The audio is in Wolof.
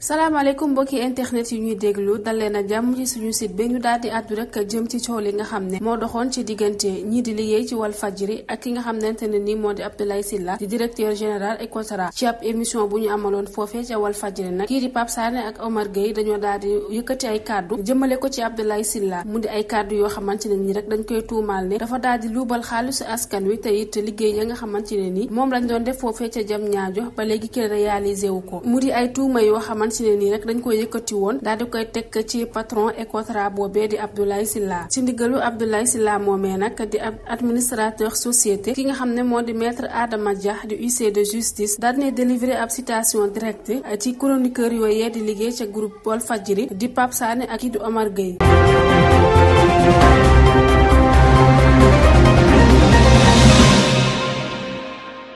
salaamaaleykum mbokki internet yi ñuy déglu dal leen a jàmm ci suñu site bi ñu daal di àddu rek jëm ci coow li nga xam ne moo doxoon ci diggante ñii di liggéey ci wal fajri ak ki nga xamante ne nii moo di Abdoulaye Sylla di directeur général Ecotra émission bu ñu amaloon foofee ca wal fajri nag kii di Pape Sané ak Omar Gueye dañoo daal di yëkkati ay kàddu jëmale ko ci Abdoulaye Sylla mu di ay kàddu yoo xamante ne nii rek dañ koy tuumaal ne dafa daal di luubal xaalisu askan wi te it liggéey ya nga xamante ne nii moom lañ doon def foofee ca ñaa jox ba léegi kenn réalisé wu ko mu di ay tuuma yoo xamante xamante ne nii rek dañ koy yëkkati woon daal di koy teg ci patron Ecotra boobee di Abdoulaye Sylla ci ndigalu Abdoulaye Sylla moomee nag di ab administrateur société ki nga xam ne moo di maître Adama Dia di huissier de justice daal di délivré ab citation direct ci chroniqueur yooyee di liggéey ca groupe Walfadjri di Pape Sané ak ki di Omar Gueye